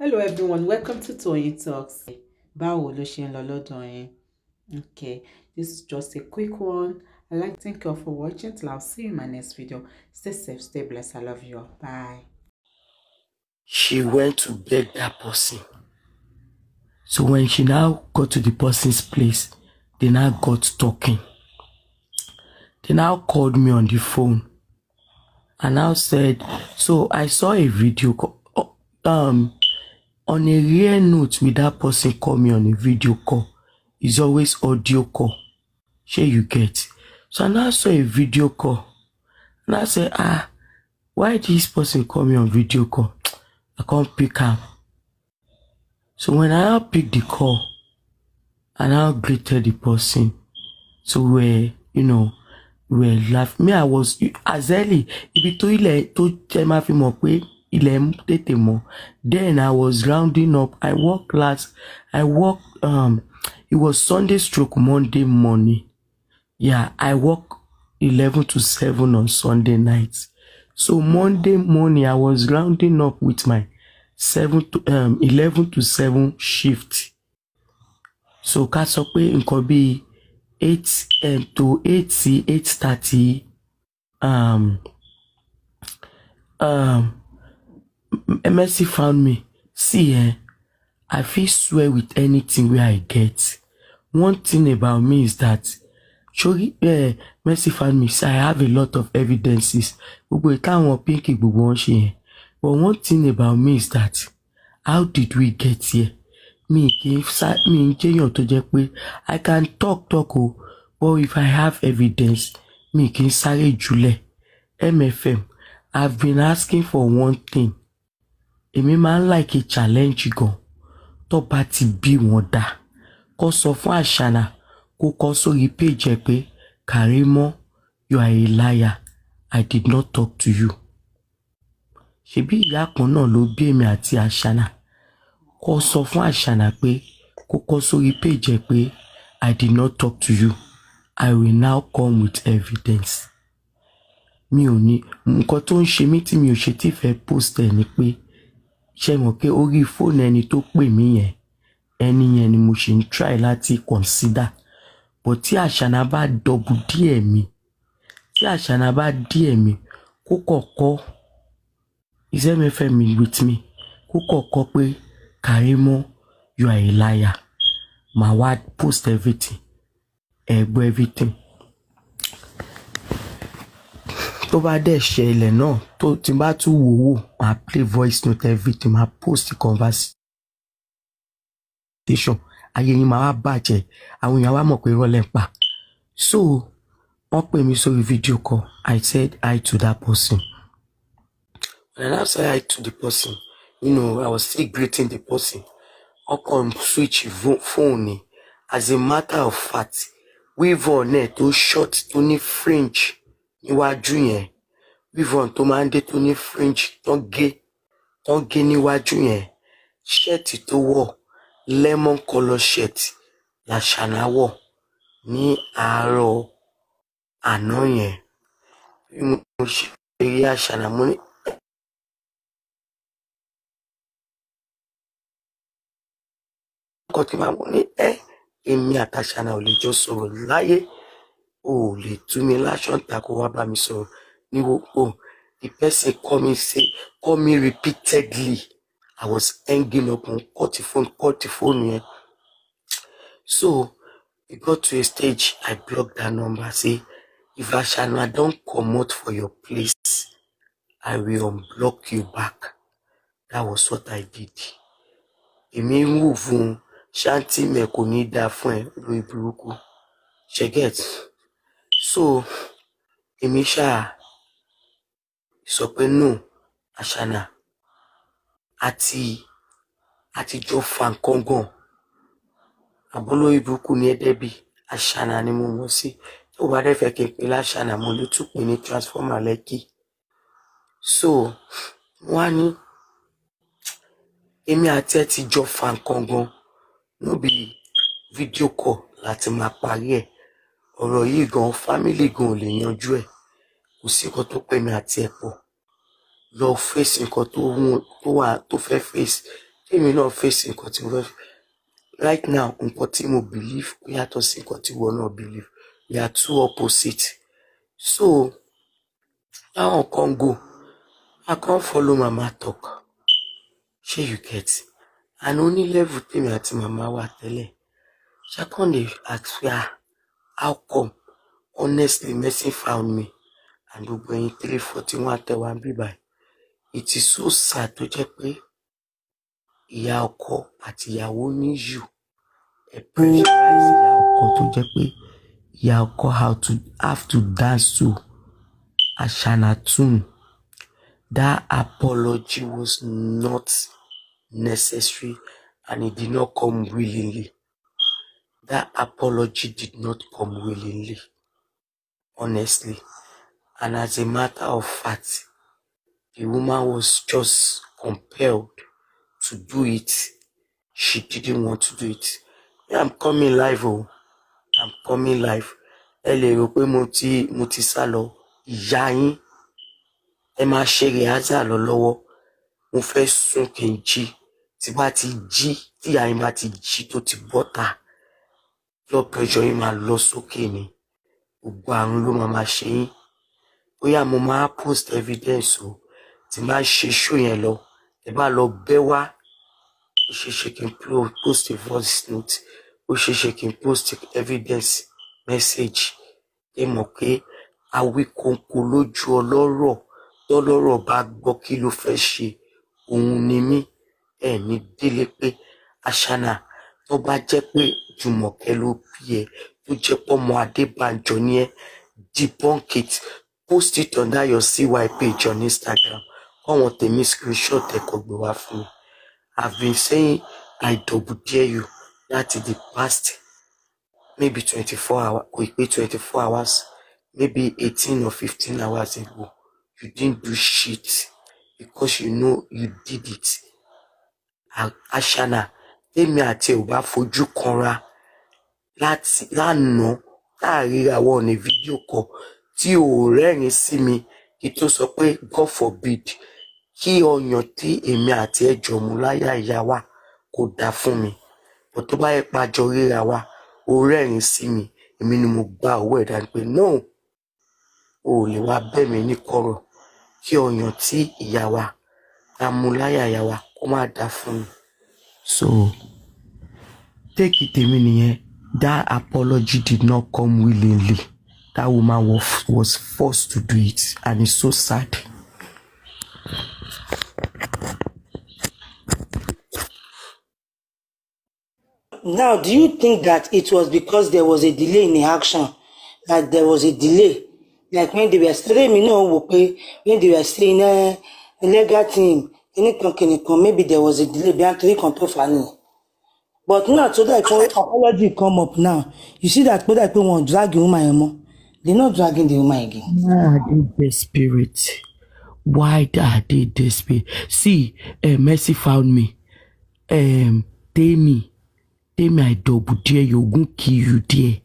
hello everyone welcome to Toyeen Talks báwo ló ṣe ń lọ lọ́dọ̀ yín okay this is just a quick one i like to thank you all for watching till i see you in my next video stay safe stay blessed i love you all bye. she went to beg that person so when she now go to the person's place they now got talking they now called me on the phone and now said so i saw a video oh, um on a rare note with that person call me on a video call it's always audio call shey you get so i now saw a video call and i say ah why this person call me on video call i can't pick up. so when i now pick the call i now greeted the person so we you know we laugh me i was as early if tó ilẹ̀ tó jẹ́ máa fi mọ̀ ilẹ̀ mọ́ then i was rounding up i work last i work um, it was sunday stroke monday morning yeah i work eleven to seven on sunday night so monday morning i was rounding up with my seven to um, eleven to seven shift so ká sọ pé nǹkan bíi eight um, to eight sí eight thirty um, um, Mercy found me. See, eh, I feel swear with anything where I get. One thing about me is that Shori eh, Mercy found me. See, I have a lot of evidences. Gbogbo ìtàwọn pínkì gbogbo wọn ṣe But one thing about me is that how did we get here? Me kì í sá mi ń jẹ́yàn tó jẹ́ I can talk talk oh. but if I have evidence mi kì í sáré jùlẹ̀. MFM I've been asking for one thing èmi máa ń like challenge gan tó bá ti bí wọn dá kó sọ fún àṣànà kó kọ sórí page pé Karimo you are a liar I did not talk to you ṣebí ìyá kan náà ló bí èmi àti àṣànà kó sọ fún àṣànà pé kó kọ sórí page pé I did not talk to you I will now come with evidence mi ò ní nǹkan tó ń ṣe mí tí mi ò ṣe tí fẹ́ post ẹ̀ ni pé ṣe mọ̀ pé orí fóònù ẹni tó pè mí yẹn ẹni yẹn ni mo ṣe ń try láti consider but tí àṣàna bá dọ̀bù díẹ̀ mi tí àṣàna bá díẹ̀ mi kó kọ̀kọ́ isẹ́mẹ́fẹ́mi with me kó kọ̀kọ́ pé Karimo you are a liar My word, post everything ẹ̀gbọ́ everything tó bá dẹ̀ ṣe ilẹ̀ náà tó ti bá tún wò wò máa play voice note everything máa post conversation ayé yín máa wá bàjẹ́ àwọn èèyàn wá mọ̀ pé rọ́lẹ̀ ń pa so wọ́n pè mí sórí fídíò call I said hi to that person and I said hi to the person you know I was still greeting the person ọkàn switch phone as a matter of fact wíwọ̀ náà tó short tó ní fringe níwájú yẹn weavon tó máa ń dé tó ní fringe tán gé tán gé níwájú yẹn ṣẹ́ẹ̀tì tó wọ̀ lemon colour shirt làṣàlá wọ̀ ní àárọ̀ àná yẹn bí mo ṣe rí àṣàlá mo ní ọkọ̀ tí màá mú ní ẹ́ èmi àtàṣàlá ò lè jọ sọ̀rọ̀ láyé o ò lè tú mi láṣán ta kó wá bá mi sọ̀rọ̀ ní gbogbo the person call me say call me repeatedly i was hanging up on cut the phone cut the phone yẹn so e got to a stage i block that number say if ashana don comot for your place i will unblock you back that was what i did èmi ń wù fún un ṣáǹtì mẹ kò ní í dáa fún ẹ so èmi ṣáà sọ pé no àṣànà àti àtijọ́ fa nǹkan gan àbólóyè burúkú ní ẹdẹbí àṣànà ni mo mọ̀ sí tó bá dẹ̀ fẹ́ kí n pè láṣànà mo ló tún pè ní transformer lẹ́kì so wọ́n á ní èmi àti ẹ ti jọ fa nǹkan gan níbi fídíò kọ̀ láti máa parí ẹ̀ ọ̀rọ̀ yìí gan fámìlì gan ò lè yanjú ẹ̀ kò sí nǹkan tó pè mí àti ẹ̀ pọ̀ lọ fèsì nǹkan tó wà tó fẹ́ fèsì èmi náà fèsì nǹkan tí mo fẹ́ right now nǹkan tí mo believe ó yàtọ̀ sí nǹkan tí wọn náà believe we are two opposite so àwọn kan go I can't follow mama talk ṣé you get àná onílẹ̀vù tèmi àti màmá wa tẹ́lẹ̀ ṣàkàndé àti ah how come honestly mercy found me and gbogbo ẹyin three forty one àtẹwà ń bíbà it is so sad tó jẹ́ pé ìyá ọkọ àti ìyàwó ní yù ẹ pressurize ìyá ọkọ tó jẹ́ pé ìyá ọkọ how to have to dance to ashana tune that apology was not necessary and it did not come willingly. That apology did not come willingly, honestly. And as a matter of fact, the woman was just compelled to do it. She didn't want to do it. I'm coming live, oh. I'm coming live. Ẹ lè rò pé mo ti mo ti sá lọ ìyá yín. Ẹ máa ṣe rìhásà lọ Mo fẹ́ sùn kí n jí. Tí bá ti jí, tí àyìn ti jí tó ti bọ́ta blood pressure yín máa lọ sókè ni gbogbo àrùn ló máa máa ṣe yín bóyá mo máa post evidence o tí máa ṣe ṣó yẹn lọ ẹ bá lọ bẹ́ wá ó ṣe ṣe kí n post a voice note ó ṣe ṣe kí n post evidence message ẹ mọ̀ pé awíkóńkó lójú ọlọ́rọ̀ tọ́lọ́rọ̀ bá gbọ́ kí ló fẹ́ ṣe òun ni mí ẹ̀ ní délé pé aṣáná tó bá jẹ́ pé jùmọ̀kẹ́ ló bí ẹ tó jẹ́ pọ́mọ adébànjọ ni ẹ debunk it post it under your CY page on Instagram kọ́wọn tèmi screenshot ẹ̀kọ́ gbé wá fún mi I've been saying I double dare you that is the past maybe twenty-four hours kò pé twenty-four hours maybe eighteen or fifteen hours ago you didn't do shit because you know you did it ashana tèmi àti ẹ̀ ò bá fojú kanra láti lánàá láàríra wọn ní fídíò kan tí ò rẹ́rìn sí mi kí tó sọ pé God forbid kí ọyàn tí èmi àti ẹ jọ mú láyà ìyá wa kò dáa fún mi bó tó bá yẹ pàjọ ríra wa ó rẹ́rìn sí mi èmi ni mo gba owó ẹ̀dá pé no ò lè wá bẹ̀ mí ní kọ̀rọ̀ kí ọyàn tí ìyá wa tá mú láyà ìyá wa kó má dáa fún mi so take it a minute. that apology did not come willingly that woman was, was forced to do it and it's so sad. Now, do you think that it was because there was a delay in the action, that there was a delay? Like when they were still, you know, when they were still in eh, a legal team, kíní kan kíní maybe there was a delay bí antori kan tó but now tó dà pé apology come up now you see that pé I pé wọn drag woman yẹn mọ́ they no dragging the woman again. why are they desperate why are they desperate see uh, mercy found me um, temi temi aidobudie yogun kiyu there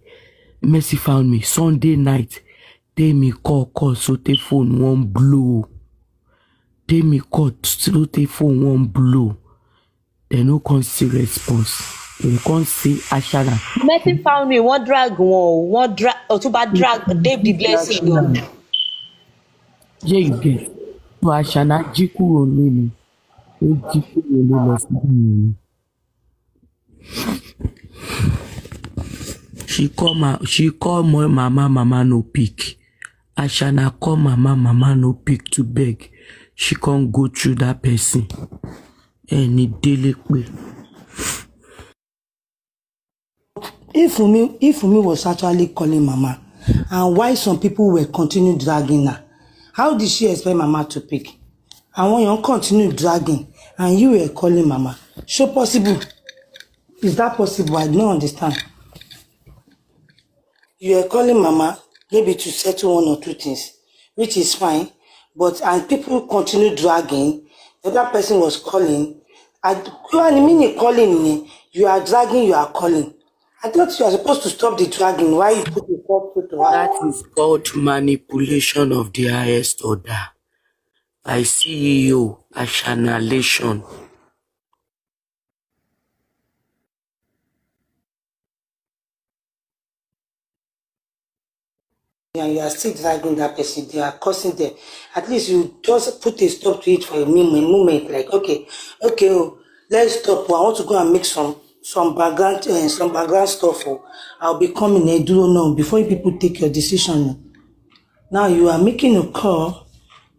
mercy found me sunday night Demi call call so the phone won't blow. Demi court still take phone one blow dem no come see response dem come see ashara. mercy me. One drag one o wọn drag Ọ̀túnba drag David Blessing o. ṣé ìgbẹ́ tó aṣana jí kúrò lónìí ó jí kúrò lọ sí ìlú. she call ma she call my mama mama no pick ashana call mama mama no pick to beg she can't go through that person ẹni If me, if me was actually calling mama and why some people were continue dragging her how did she expect mama to pick And when you continue dragging and you were calling mama so possible is that possible I don't understand you are calling mama maybe to settle one or two things which is fine but and people continue dragging the other person was calling and you are meaning calling me you are dragging you are calling I thought you are supposed to stop the dragging why you put the fourth foot on that is called manipulation of the highest order I see by CEO assignation and you are still dragging that person, they are causing them. At least you just put a stop to it for a moment, like, okay, okay, oh, let's stop. I want to go and make some some background uh, some background stuff. Oh. I'll be coming I do know before people take your decision. Oh. Now you are making a call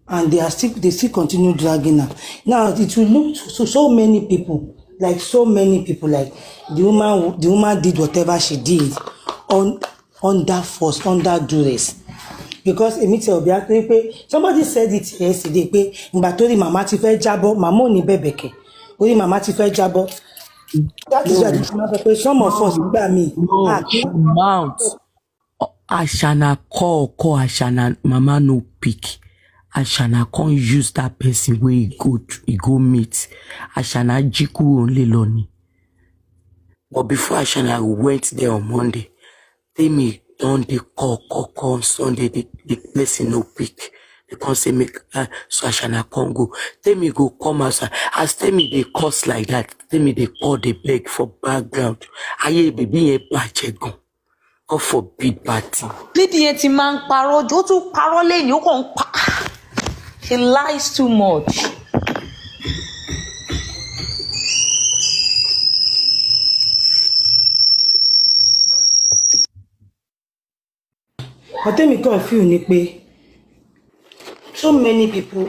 and they are still they still continue dragging her. Now it will look to so, so many people, like so many people, like the woman the woman did whatever she did on under force under duress because èmi ti ọ̀bí akéré pé somebody said it yesterday pé ìgbà tó rí màmá ti fẹ́ jábọ́ màmá ò ní bẹ̀bẹ̀ kẹ̀ orí màmá ti fẹ́ jábọ́ that is why the man sọ pé some of us gbà mí. mount asana call call asana mama no pick asana come use that person wey he go he go meet asana jí kúrò ńlẹ̀ lọ ni but before asana went there on monday Tell me, don't they call call call on Sunday the, the person no pick. They come say make uh, so I Ashana come go. Tell me, go come outside. As me they cost like that, Tell me they call dey beg for background. I bèbí yẹn bàjẹ́ gan. God forbid bad thing. Lídìí yẹn ti máa ń parọ́, ó tún parọ́ lẹ́yìn, ó kàn ń pa. He lies too much. but tèmi kàn feel ni pé so many people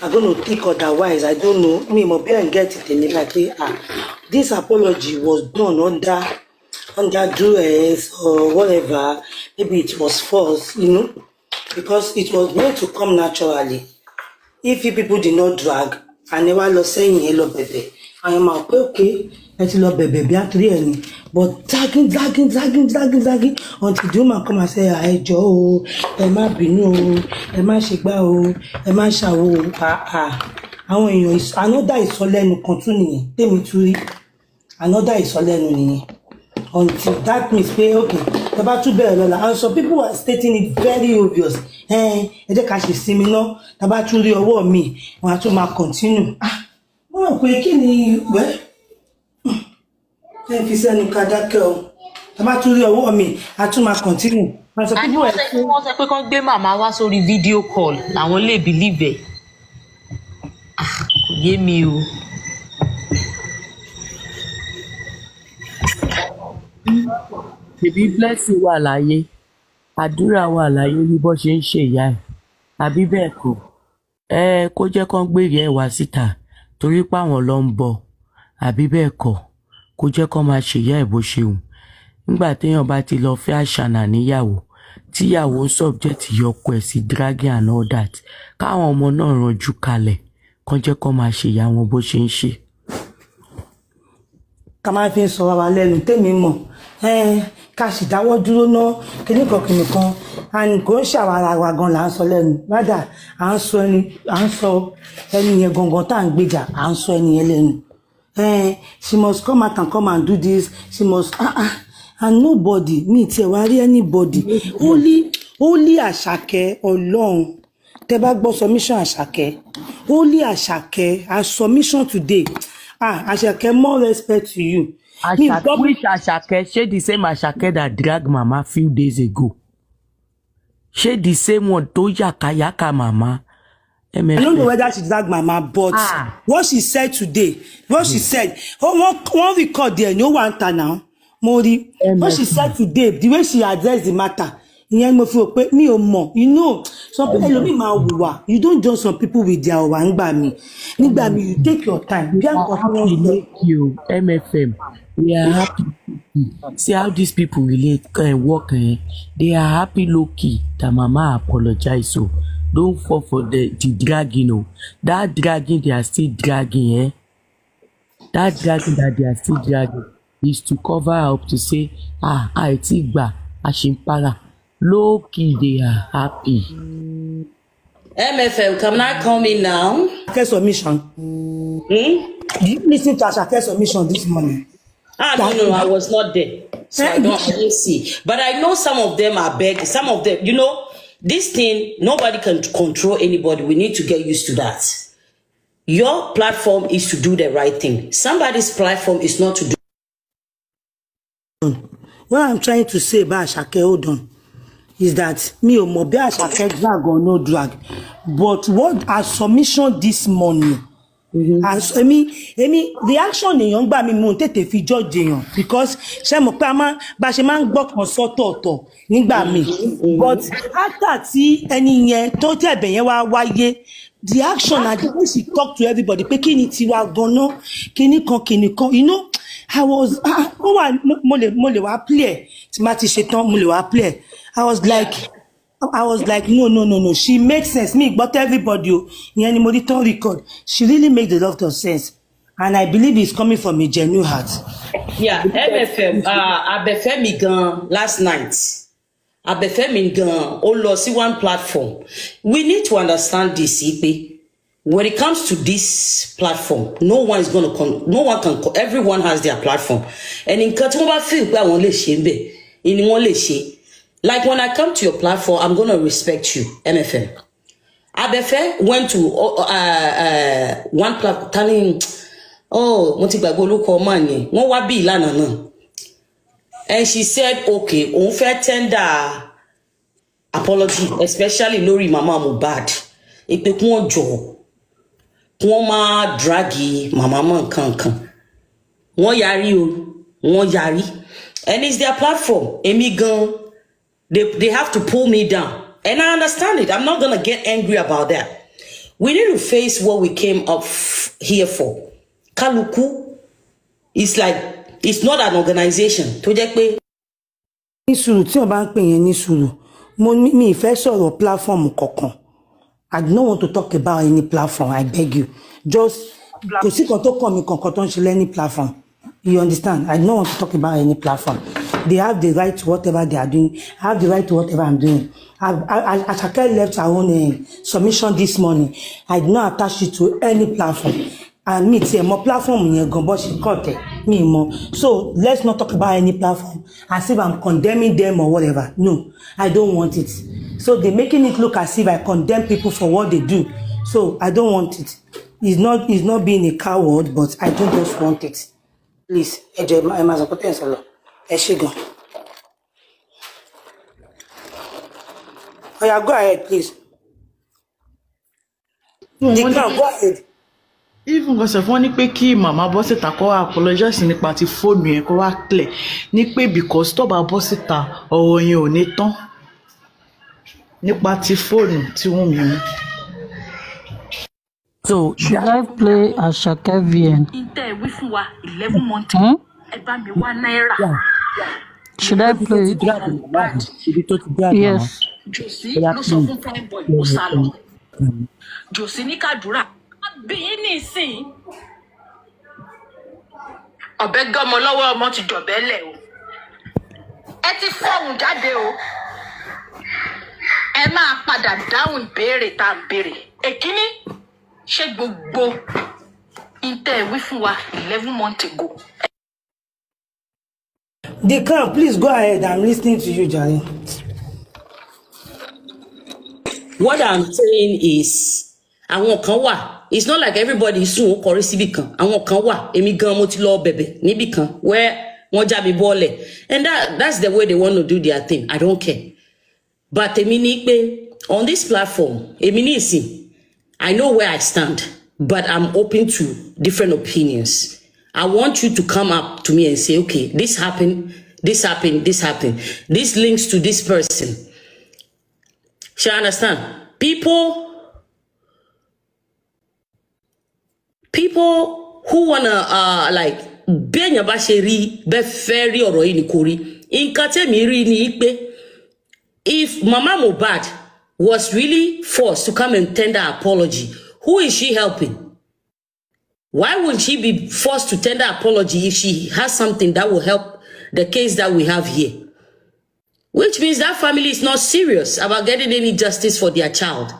are gonna think otherwise i don't know me my be and get it in like they are. Ah, this apology was done under under duress or whatever maybe it was false you know because it was meant to come naturally if you people did not drag I never lost saying hello, baby. I am àwọn okay ẹ ti lọ bẹ̀bẹ̀ bí àtúrí ẹ̀ ni but dragging dragging dragging dragging dragging until the woman come and say ah, ẹ jọ̀ọ́ o ẹ má bínú o ẹ má ṣe gbá o ẹ má ṣàwo o ah, ah. àwọn èèyàn another ìsọlẹ́nu kan tún nìyẹn tèmi tún rí another ìsọlẹ́nu nìyẹn until that means pé okay ẹ bá tún bẹ̀rẹ̀ lọ́la and some people are stating it very obvious ẹ jẹ́ ká ṣe sinmi náà tá a bá tún rí ọwọ́ mi wọn á tún máa continue ah wọ́n rò pé kí ni wẹ́ẹ́ ẹ fi sẹ́nu ká dákẹ́ o tá a bá tún rí ọwọ́ mi a tún máa kọ̀ntínú. àní wọ́n sọ pé kán gbé màmá wá sórí fídíò call làwọn lè bìlíìbì ẹ̀ ah, kò yé mi o. bèbí blessing wà láyé àdúrà wà láyé bí bọ́ ṣe ń ṣe ìyá ẹ̀ àbí bẹ́ẹ̀ kọ́ ẹ kó jẹ́ kán gbé ẹ̀ wá síta torí pé àwọn ń bọ̀ àbí bẹ́ẹ̀ kọ́ kó jẹ́ kó máa ṣèyá ẹ̀ bó ṣe wù nígbà téèyàn bá ti lọ fẹ́ àṣànà níyàwó tíyàwó subject yọkọ ẹ̀ sí dragging and all that káwọn ọmọ náà ranjú kalẹ̀ kó jẹ́ kó máa ṣèyá wọn bó ṣe ń ṣe. ká máa fi sọ wa lẹ́nu tèmi mọ̀ ká sì dáwọ́ dúró ná kíníkan kíníkan àǹkó ń ṣàwárà wa gan là ń sọ lẹ́nu rádà à ń sọ ẹni à ń sọ ẹni yẹn gangan tá à ń gbèjà à ń sọ ẹni yẹn lẹ́nu she must come out and come and do this she must ah ah and nobody mi tiẹ̀ worry anybody only only àṣàkẹ́ ọlọ́run tẹ bá gbọ́ submission àṣàkẹ́ only àṣàkẹ́ her submission today ah àṣàkẹ́ more respect to you. Asake, which Asake, she the same Asake that dragged Mama few days ago. She the same one tó yàkàyàkà Mama. MFA. I don't know whether she dragged mama, but ah. what she said today, what she hmm. said, oh, one record there, no one time now, Mori, what she said today, the way she addressed the matter, ìyẹn mo fi rò pé mi ò you know some people ẹlòmíì máa wùwà you don't judge some people with their own ńgbà me. nígbà mi you take your time bí àkọ́ tí wọ́n you MFM we are happy see how these people relate uh, work uh, they are happy low key that mama apologized. So. Don't fall for the, the dragging. You That dragging they are still dragging, eh? That dragging that they are still dragging is to cover up to say, ah, I ti gba, a ṣe ń para. Low key they are happy. MFM, can I come in now? Ake's submission. Hmm? Did you listen to Ake's submission this morning? Ah, that no, no, I was not there. So I don't, see. But I know some of them are begging. Some of them, you know, this thing nobody can control anybody we need to get used to that your platform is to do the right thing somebody's platform is not to do what i'm trying to say about Asake hold on is that me or mọ̀ bí Asake drag or no drag but what her submission this morning Mm-hmm. And èmi èmi reaction èèyàn gbà mí mo tètè fi judge èèyàn because ṣé mo pé a máa bá ṣe máa ń gbọ́kàn sọ́tọ̀ọ̀tọ̀ nígbà mi mm-hmm. but after tí ẹni yẹn tó tẹ̀bẹ̀ yẹn wá wáyé reaction na the way she talk to everybody pé kí ni tiwa ganan kí ni kan kí ni kan you know i was ah, ah, ó wà mo lè mo lè wá play ẹ tí ma ti ṣe tán mo lè wá play ẹ i was like. I was like, no, no, no, no. She makes sense. Me, but everybody, oh. ìyẹn ni mo rí record. She really makes a lot of sense. And I believe it's coming from a genuine heart. Yeah, MFM, uh, Abẹ́fẹ́mi gun last night. Abẹ́fẹ́mi gun ó lọ sí one platform. We need to understand this, Ipe. When it comes to this platform, no one is gonna con no one can everyone has their platform. And in Katumba, feel pé àwọn lè ṣe ń bẹ̀, ni wọ́n Like when I come to your platform, I'm gonna respect you, MFM. Abefe went to uh, uh, uh one platform telling, oh, mo ti gbàgbé olóko ọmọ yẹn, wọ́n wá bí ìlànà náà. And she said, okay, òun fẹ́ tender apology, especially lórí Mama Mohbad. Ìpè kí wọ́n jọ̀ọ́, kí wọ́n máa dragi màmá mọ́ nǹkan kan. yarí o, wọ́n yarí. And it's their platform, èmi gan-an. They, they have to pull me down. And I understand it. I'm not going to get angry about that. We need to face what we came up here for. Kaluku is like, it's not an organization. Tó jẹ́ pé. Ní sùúrù tí wọ́n mo mi ìfẹ́ sọ̀rọ̀ platform kankan. I don't want to talk about any platform, I beg you. Just kò sí kan tó kàn mí kankan tó ń platform. You understand? I don't want to talk about any platform. They have the right to whatever they are doing. I have the right to whatever I'm doing. I, I, Asake left her own uh, submission this morning. I did not attach it to any platform. And me, tiẹ̀ my platform is gone, but she caught it, me more. So let's not talk about any platform as if I'm condemning them or whatever. No, I don't want it. So they're making it look as if I condemn people for what they do. So I don't want it. It's not, it's not being a coward, but I don't just want it. Please, ẹ jọ̀ọ́ ẹ máa sọ pé ẹ ṣe gan. oya go ahead please. even gosef wọ́n ní pé kí màmá bọ́ síta kó wá apologize nípa ti fóònù yẹn kó wá clear ní pé because tó bá bọ́ síta ọ̀rọ̀ yẹn ò ní tán nípa ti fóònù tí wọ́n mi mú. So should I play Asake VN? Ǹtẹ̀ ìwí fún wa eleven months. Hmm? Ẹ bá mi wá náírà. Should I play it? Yes. Josie ló sọ fún prime boy kó sá lọ. Josie ní kàdúrà. Bíyí nìsín. Ọ̀bẹ gọ́mọ lọ́wọ́ ọmọ ti dọ̀bẹ́lẹ̀ o. Ẹ ti fọ́ọ̀hún jáde o. Ẹ máa padà dáhùn ìbéèrè tá à ń béèrè. Èkíní ṣé gbogbo intẹ̀ wí fún wa eleven months ago. The Crown, please go ahead. I'm listening to you, Jare. What I'm saying is, àwọn kan wà it's not like everybody is so kọrí síbì kan àwọn kan wà èmi gan mo ti lọ where wọ́n já and that, that's the way they want to do their thing I don't care but èmi ní on this platform èmi ní ìsìn I know where I stand but I'm open to different opinions. I want you to come up to me and say, okay, this happened, this happened, this happened. This links to this person. Should I understand? People, people who wanna uh, like bẹ́ẹ̀ yẹn be ṣe rí bẹ́ẹ̀ fẹ́ rí ọ̀rọ̀ ni ikbe. if Mama Mobad was really forced to come and tender apology who is she helping? Why would she be forced to tender apology if she has something that will help the case that we have here? Which means that family is not serious about getting any justice for their child.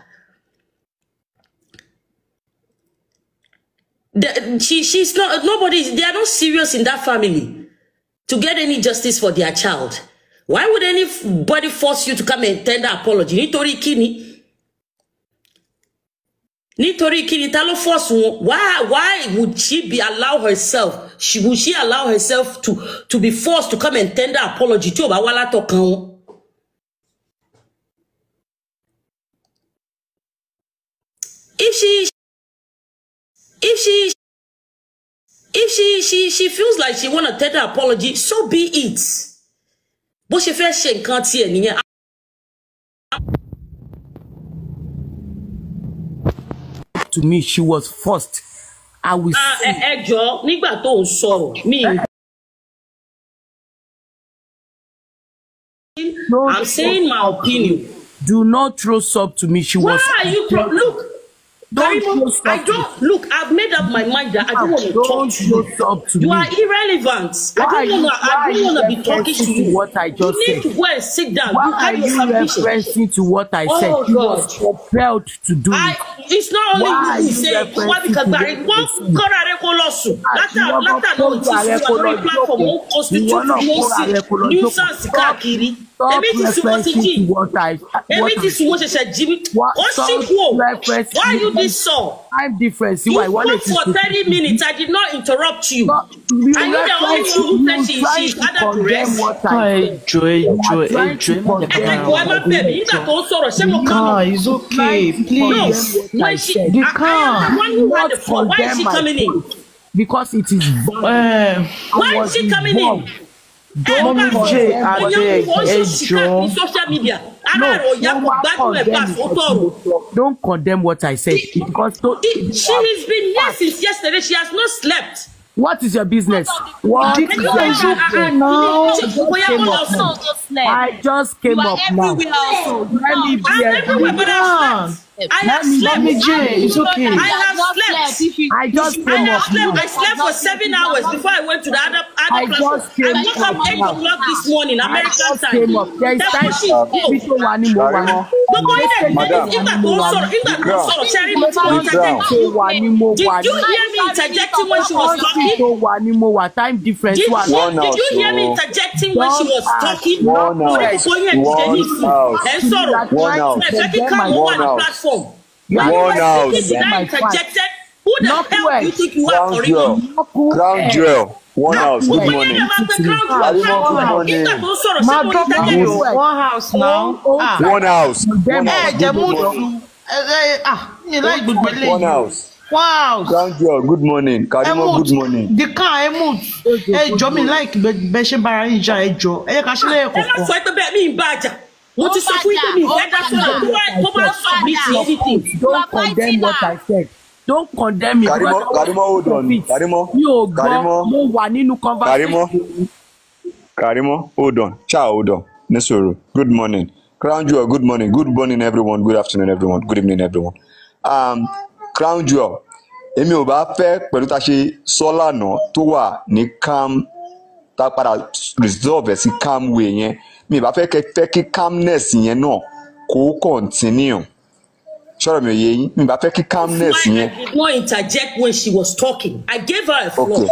The, she, she's not, nobody, they are not serious in that family to get any justice for their child. Why would anybody force you to come and tender apology? Nítorí kíni? nítorí kí ni ta ló force wọn why why would she be allow herself she would she allow herself to to be forced to come and tender apology tí ò bá wá látọkàn wọn. if she if she if she she she feels like she wanna tender apology so be it bó ṣe fẹ́ ṣe nǹkan tiẹ̀ nìyẹn. to me she was first i will ah, see. ẹ eh, eh, jọ nígbà tó ń sọ̀rọ̀ mi. i'm saying my opinion. do not throw soap to me she Why was. why are you look Don't Karimo, I don't look. I've made up my mind that I don't ah, want to talk to you. Up to you me. are irrelevant. Why I don't want to. I don't want to be talking to you. What I just you need said. to well sit down. Why you are you referencing to what I oh, said? God. You was compelled to do I, It's not only why you say why because Barry wọ́n kọ́ra rẹ kó lọ sùn látà látà ló ti sùn lórí platform ó constitute nuisance nuisance káàkiri èmi ti sùn wọ́n ti jí èmi ti sùn What ṣẹ̀ṣẹ̀ jí mi ó sì you. Bissau. Time difference. You, you spoke for 30 minutes. I did not interrupt you. But you I know the only one who said she, she gathered to rest. Enjoy, enjoy, enjoy. No, it's okay. Please. No, when she, you I, I am the one who had the phone. Why is she coming in? Because it is bad. Eh. Why is she coming in? Don't be Jay, I beg, enjoy. Social media ara rẹ̀ kò gbádùn ẹ̀ gbà sótọ̀rọ̀. don't condemn what I said it, because. To, it, she has been there since yesterday she has not slept. What is your business? What is your business? I just came up now. Let me be everywhere. I have slept. Mommy J, it's okay. I have slept. I just came I slept. I slept for seven hours before I went to the other other classroom. I just came up I o'clock this morning, American time. There is time for people who are in more. Gbogbo ilé nígbà tó ń sọ̀rọ̀ nígbà tó ń sọ̀rọ̀ ṣẹ́rí mi tí Did you hear me interjecting when she was talking? Tó wà ní mo wà time difference Did you hear me interjecting when she was talking? Mo ní kò yẹn ṣe ní ìsìn. Ẹ sọ̀rọ̀. Ẹ fẹ́ kí káwọn wà ní platform form. You are worn out. interjected. Who the Not hell well. do you eh. think you are for real? Ground drill. Oh, oh, ah. oh. One house. Eh, good morning. Nígbà tó One house now. One house. Ẹ jẹ́ One house. Wow. Ground drill. Good morning. Kadimo good morning. The car ẹ mú. Ẹ jọ Like, láì bẹ ṣe bára yín já ẹ jọ. Ẹ Hey, ká ṣe mo ti sọ fún yín pé mi ìfẹ́ dá sílẹ̀ tó bá sọ mi ti anything. don't condemn what I said don't condemn me Karimo, Karimo, hold on. Karimo, mi Karimo, mo wà nínú conversation. Karimo hold on cha hold on nisoro good morning crown jewel good morning good morning everyone good afternoon everyone good evening everyone um, crown jewel èmi ò bá fẹ́ pẹ̀lú ta ṣe sọ lánàá tó wà ní calm tá padà resolve ẹ̀ sí calm way yẹn mi ì bá fẹ́ kí calmness yẹn náà kó continue sọ̀rọ̀ mi ò yé yín mi ì fẹ́ kí calmness yẹn. I did not interject when she was talking I gave her a floor okay.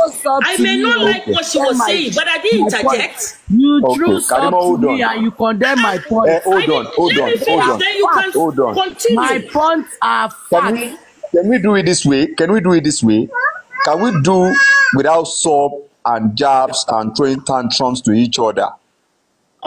I may not like okay. what she was saying but I did interject. You okay. drew Karimo, hold and you condemn my point. Eh, hold on hold on hold on hold on My points are facts. Can, can we do it this way? Can we do it this way? Can we do without sob and jabs and throwing tantrums to each other?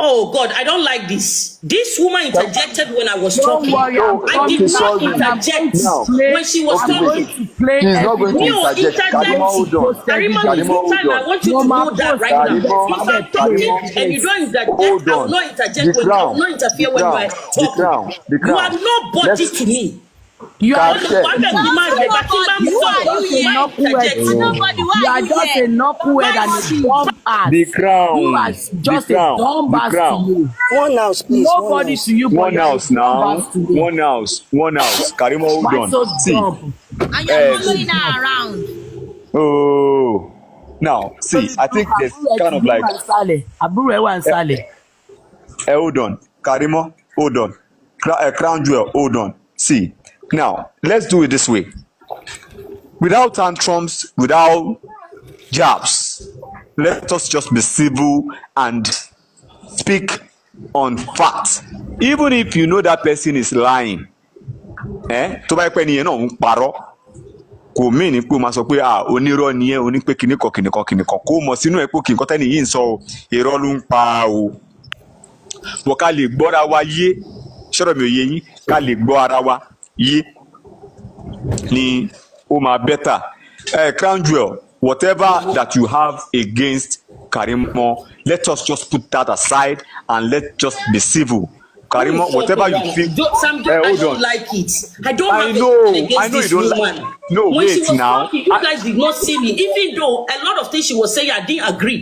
Oh God, I don't like this. This woman interjected when I was don't talking. Worry, I did not interject no. when she was okay, talking. She's not going to interject. Karima, Karima, Karima, time, I want you no, to know that right Karima, now. If I'm talking and you don't interject, Hold I will not interject when you, I will not interfere when you are talking. You are nobody to me. You are just a knucklehead and a dumb ass. The crown. You are just a dumb ass to you. One house, please. Nobody to you. One house now. One house. One house. Karima, hold on. So see. And you're following eh. her around. Oh. Now, see, I think there's kind of like. Abure wan sale. Hold on. Karima. hold on. Eh, crown jewel, hold on. See. Now, let's do it this way without tantrums, without jabs. Let us just be civil and speak on facts. Even if you know that person is lying, eh? tó bá yẹ pé ẹnìyẹn náà ń parọ́ kò mí ní pé o máa sọ pé ah onírọ́ ni ẹ onípe kìnnìkan kìnnìkan kìnnìkan kó mọ̀ sínú ẹ̀ pé kìnnìkan tẹ́ni yìí ń sọ o irọ́ ló ń pa o. wọ́n ká lè gbọ́ra wa yé ṣọ́dọ̀ mi ò yé yín ká lè gbọ́ ara wa yí ni ó máa bẹ́tà ẹ eh, crown jewel whatever that you have against Karimo let us just put that aside and let just be civil Karimo whatever you feel Sam, uh, hold I don't on. like it I don't I have know, against I know this you don't woman like... no when wait she was now talking, you guys did not see me even though a lot of things she was saying I didn't agree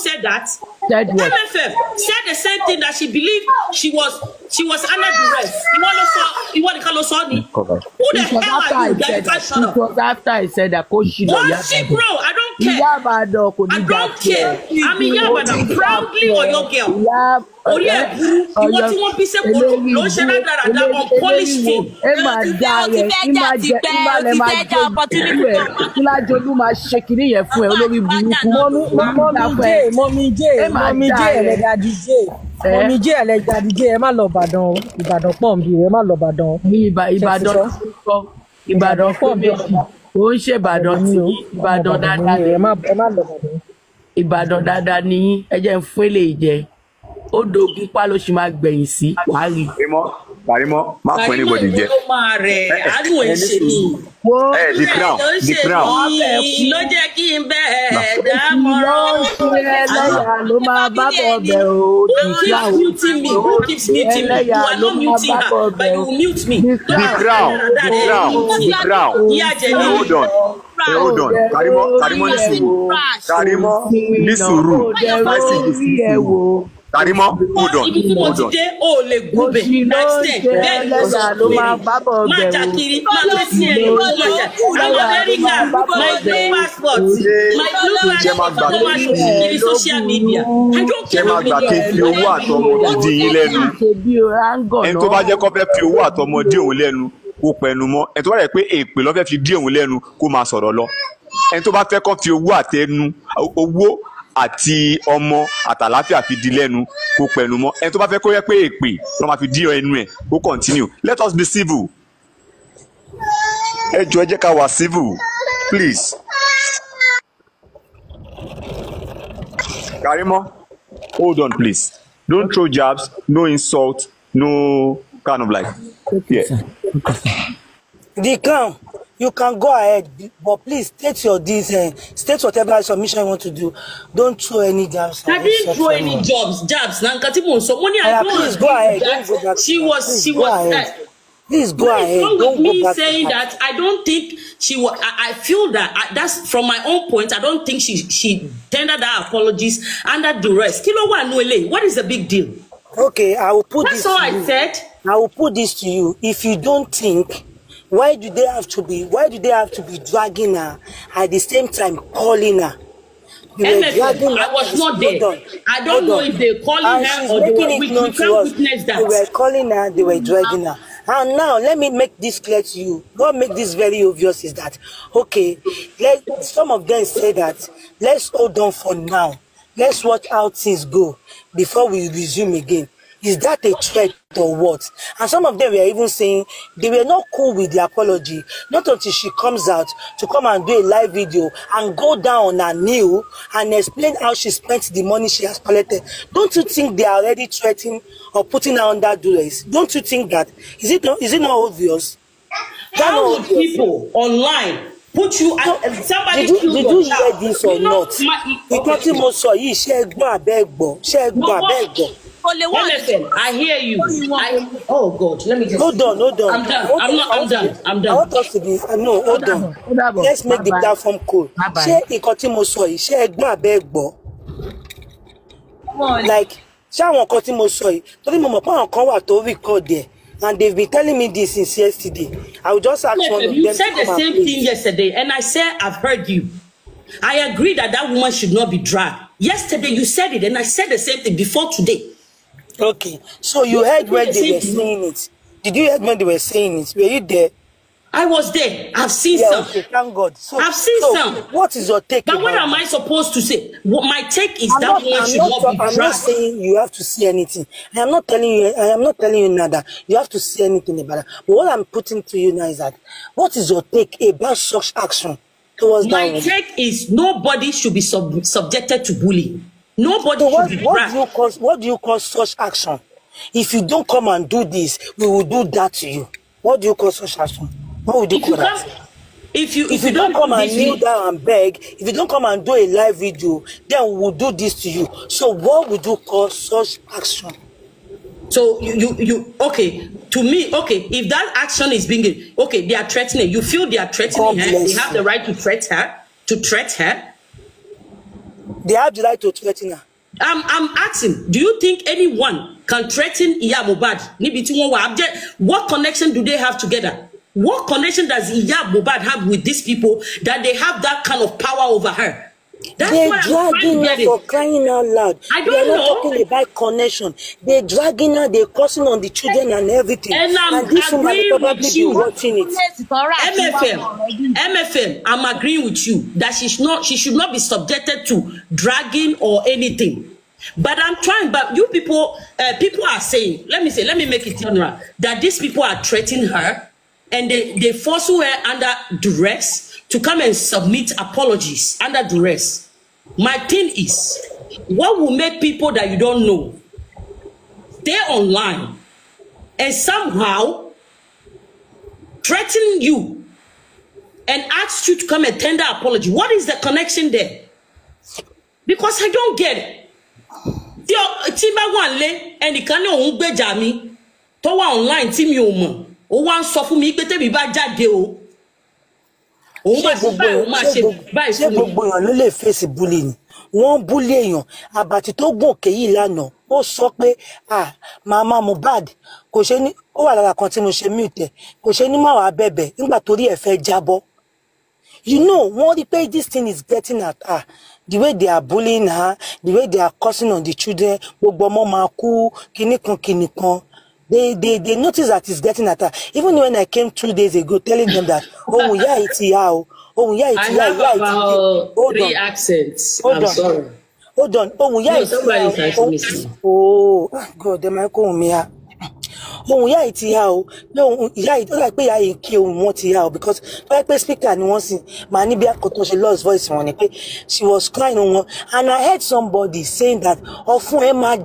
said that? Said what? MFF said the same thing that she believed she was she was under duress. You want to saw you want to call us Who the hell are you? It was after I said that. It was after I said that. Coach Shilo. she bro? I don't care. Ìyá Àbàdàn kò ní jà tiẹ̀. Àmì Ìyá Àbàdàn proudly Ọ̀yọ́ girl. Orí ẹ̀ burú. Ìwọ tí wọ́n bí sẹ́kù ló ń ṣe rádaràda on polish team. Ẹ máa já rẹ̀, ẹ máa jẹ, ẹ máa lẹ máa jẹ ìlú ẹ̀. Kíláàjì Olú máa ṣe kìíní yẹn fún ẹ olórí burúkú. Mọ́mí Jé, Mọ́mí Jé, ẹlẹ́dàá DJ. Mọ́mí Jé ẹlẹ́dàá DJ ẹ má lọ Ìbàdàn o. Ìbàdàn pọ̀ ń bí ẹ má lọ Ìbàdàn Ìbàdàn pọ̀ ń bí ó ń ṣèbàdàn tí ìbàdàn dáadáa ni ìbàdàn dáadáa ni ẹ jẹ́ ń fún eléyìí jẹ ó dogun pa ló ṣì máa gbẹ̀yìn sí wàá rí i. Karimo má fún anybody jẹ. Karimo ló máa rẹ̀ àánú èṣe ni. Ẹ di crown di crown. Ló jẹ́ kí n bẹ̀ ẹ̀ dámọ̀ràn. Ẹlẹ́yà ló máa bá bọ̀ bẹ̀ o. Di crown ló keep muting me. You are not muting her but you mute me. Di crown di crown di crown. Hold on hold on Karimo Karimo ní sùúrù Karimo ní sùúrù. Karimo hold on ẹni my passport my blue passport tó social media I don't care what media ẹ̀ lọ́wọ́. ṣé máa gbà kí fi owó àtọmọ bá jẹ́ kó fẹ́ fi owó àtọmọ dí òun lẹ́nu kó pẹnu mọ́ ẹni tó bá rẹ̀ pé èpè ló fi dí òun lẹ́nu kó máa sọ̀rọ̀ lọ ẹni tó bá fẹ́ kó fi owó àtẹnu owó àti ọmọ àtàláfíà fi di lẹ́nu kó pẹ̀lú mọ́ ẹni tó bá fẹ́ kó yẹ pé èpè ló máa fi dí ẹnu ẹ̀ kó continue let us be civil ẹ jọ̀ọ́ ẹ jẹ́ ká wà civil please. Karimo hold on please don't throw jabs no insult no kind of like. Yeah. Okay, sir. the calm you can go ahead but please state your this uh, state whatever submission you want to do don't throw any jobs. I didn't throw any jobs. jobs jabs So money, I don't please go ahead she was she was ahead. please go ahead don't go back to me saying that I don't think she was I, I feel that I, that's from my own point I don't think she she tendered her apologies under duress kí ló wà nù what is the big deal. okay I will put that's this to you that's all I said. I will put this to you if you don't think why do they have to be why do they have to be dragging her at the same time calling her you I was not there on, I don't know on. if they're calling and her or they were, we, we can't witness that they were calling her they were dragging her and now let me make this clear to you what make this very obvious is that okay let some of them say that let's hold on for now let's watch how things go before we resume again Is that a threat or what? And some of them were even saying they were not cool with the apology. Not until she comes out to come and do a live video and go down on her knee and explain how she spent the money she has collected. Don't you think they are already threatening or putting her under duress? Don't you think that? Is it not, is it not obvious? That how would people online put you so, at somebody did you, did you hear this or you know, not? My, okay. Ìtọ́jú mo sọ yìí ṣé ẹ gbọ́ àbẹ́ gbọ́ ṣé ẹ gbọ́ LFM, I hear you. I, oh God, let me just. Hold on, hold on. I'm done. Hold I'm not. I'm done. I'm done. I want us to be. Uh, no, hold on. Let's make the platform cool. Ṣé nǹkan tí mo sọ yìí, ṣé ẹ̀gbọ́n abẹ́ gbọ́? Like, ṣé àwọn nǹkan tí mo sọ yìí, torí mo mọ̀ pé àwọn kan wà record there and they've been telling me this since yesterday. I will just ask yes, one of them to come You said the same thing yesterday and I said I've heard you. I agree that that woman should not be dragged. Yesterday you said it and I said the same thing before today. Okay, so you heard when they were saying it. Did you hear when they were saying it? Were you there? I was there. I've seen yeah, some. Okay, thank God. So, I've seen so some. What is your take? But what am I supposed to say? What my take is I'm that not, one I'm should not, not be I'm dragged. not saying you have to see anything. I am not telling you. I am not telling you nada. you have to see anything about it. But what I'm putting to you now is that what is your take about such action towards my that? My take is nobody should be sub subjected to bullying. Nobody so what, should be what do, you call, what do you call such action? If you don't come and do this, we will do that to you. What do you call such action? What would you if call you that? Come, if you if, if you, you don't, don't come and kneel down and beg, if you don't come and do a live video, then we will do this to you. So what would you call such action? So you you you okay to me okay if that action is being okay they are threatening you feel they are threatening God her they have the right to threat her to threat her They have the right to threaten her. I'm, I'm asking, do you think anyone can threaten Iya Mubad Níbi tí wọ́n What connection do they have together? What connection does Iya Mubad have with these people that they have that kind of power over her? That's They're dragging her oh, for crying out loud. I don't They're not talking about connection. They're dragging her, they're cursing on the children and everything. And, I'm and this woman will probably be watching it. MFM, MFM, I'm agreeing with you that she's not she should not be subjected to dragging or anything. But I'm trying, but you people, uh, people are saying, let me say, let me make it general, that these people are threatening her and they, they force her under duress to come and submit apologies under duress. My thing is, what will make people that you don't know, they're online and somehow threaten you and ask you to come and tender apology. What is the connection there? Because I don't get it. Tí bá wà nílé, ẹnìkan ní òun gbèjà mi tó wà online tí mi ò mọ̀ ó wá ń sọ fún mi pé tèmi bá jáde o òun máa ṣe báyìí òun máa ṣe báyìí fún mi. ṣé gbogbo èèyàn ló lè fèsì búlì ni wọ́n búlì èèyàn àbàtì tó gòkè yìí lánàá ó sọ pé ah màmá Mohbad kò ṣe ní ó wà lára kan tí mo ṣe mute kò ṣe ní má wàá bẹ̀bẹ̀ nígbà torí ẹ̀ fẹ́ jábọ́ you know wọ́n rí pé this thing is getting at ah, the way they are bullying her the way they are cursing on the children gbogbo ọmọ máa kú kinní kan kinní kan they they they notice that it's getting at her even when i came two days ago telling them that ohun ya iti ya o ohun ya iti ya ya iti ya hold on accents. hold I'm on sorry. hold on ohun ya iti ya o oh god dem ko ohun mi ya ohun ìyá yìí ti há o pé ohun ìyá yìí ó dà pé ìyá yìí kí ohun wọn yao, há o because tó speak to anyone, ni wọ́n sì máa níbi àkótó ṣe lost voice wọn ni she was crying oh, wọn and I heard somebody saying that ọ̀fun ẹ̀ máa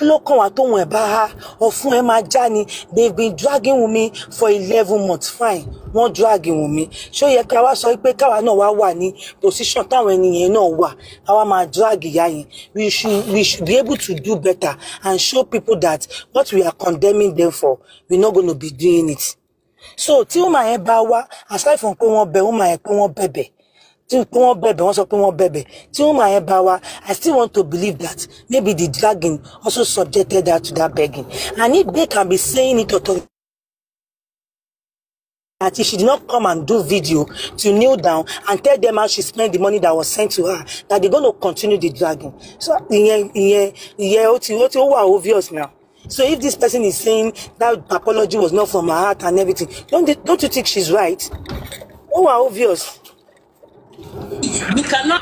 kí ló kàn wá tó wọn ẹ̀ bá há ọ̀fun ẹ̀ máa já ni they've been dragging Wunmi for eleven months fine wọ́n dragging Wunmi ṣó yẹ ká wá sọ pé káwa náà wá wà ní position táwọn ènìyàn náà wà káwa máa drag ìyá yẹn we should we should be able to do better and show people that what we are condemning them for we no gonna be doing it so tí wọ́n máa yẹn bá wá aside from pé wọ́n bẹ̀ wọ́n máa yẹn pé wọ́n bẹ̀bẹ̀ tí wọ́n bẹ̀bẹ̀ wọ́n sọ pé wọ́n bẹ̀bẹ̀ tí wọ́n máa yẹn bá wa i still want to believe that maybe the dragon also subjected her to that begging and if they can be saying it authority that if she did not come and do video to kneel down and tell them how she spent the money that was sent to her that they're going to continue the dragon. so ìyẹn ìyẹn ìyẹn ó ti ó ti ó wà obvious now so if this person is saying that apology was not from her heart and everything don't they, don't you think she's right ó wà obvious you cannot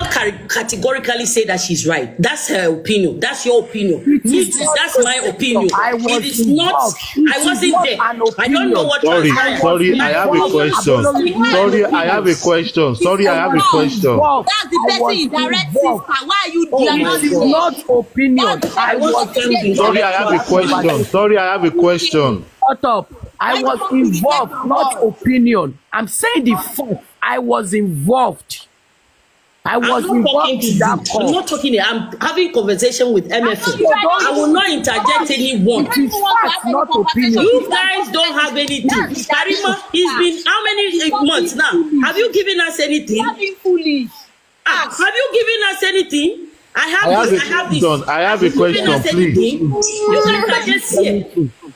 categorically say that she's right. That's her opinion. That's your opinion. Is, that's my opinion. I it is not. I wasn't there. I don't know what. Sorry, sorry. I have a question. Sorry, I have a question. Sorry, I have a question. That's the person is direct sister. Why are you? Oh, it is not opinion. I was Sorry, I have a question. Sorry, I have a question. Shut up. I was involved, not opinion. I'm saying the fact. I was involved. I was I'm involved in that call. I'm not talking. I'm having conversation with MFA. I will not interject anyone. It not opinion. You guys don't have anything. Karima, it's been how many eh, months now? Ah, have you given us anything? Have you given us anything? I have, I have this, a, I have this. Done. I have a question, please. You guys just here.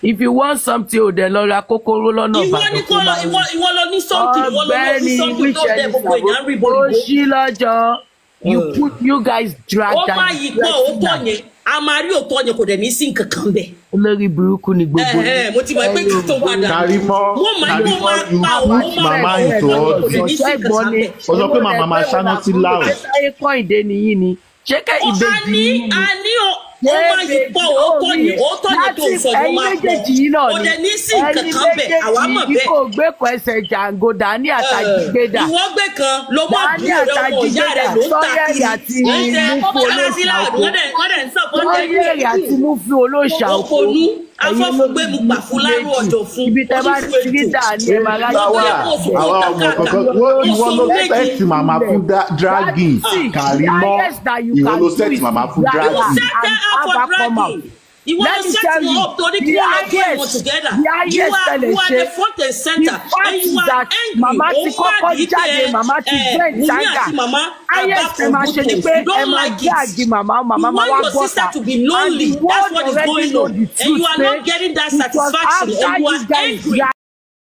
If you want something, o de lọ ra kókóró lọ́nà bàbá kó máa ń. Ìwọ lọ ní something, ìwọ lọ ní something tó dẹ̀ gbogbo èèyàn rí bolo. Ó ṣí You put you guys drag down. Ó máa yí pọ̀, ó pọ̀ yẹn. A máa rí òótọ́ yẹn kò dẹ̀ ní sí nǹkan kan bẹ̀. Olórí burúkú ni gbogbo. Ẹ ẹ mo ti mọ̀ pé kí tó padà. Kàrímọ́ Kàrímọ́ you put mama into all this. Ọ̀sọ̀ pé màmá máa ṣáná sí láàrú ṣé ká ìbejì ni mo ó má yí pọ̀ ó pọ̀ oh, yìí ó tọ̀ yìí tó sọ ló máa pọ̀ ó dẹ̀ ní sí kankan bẹ̀ àwa mọ̀ bẹ́ẹ̀. kò gbé kan ẹsẹ̀ jàǹgò dání àtàjìgbéda. ìwọ gbé kan ló mọ̀ bí ọmọ ìyá rẹ̀ ló ń ta kiri. àti mufu olóṣà òkú wọ́n ní èrè àti mufu olóṣà òkú afọ́fúngbé mu pàfún láàrú ọ̀dọ̀ fún ibi tẹ́ bá ti rí dà ní ẹ̀ máa rájú pé àwa ọmọ kankan ìwọ ló sẹ́ẹ̀tì màmá fún dragging Karimo ìwọ ló sẹ́ẹ̀tì màmá fún dragging out for dragging. You want to set you up torí kí wọ́n kó ẹ̀wọ̀n together. You are you are the front and center and you are angry. Òun wà ní pé òun àti màmá àgbà for goodness. You don't like it. You want your sister to be lonely. That's what is going on. And you are not getting that satisfaction and you are angry.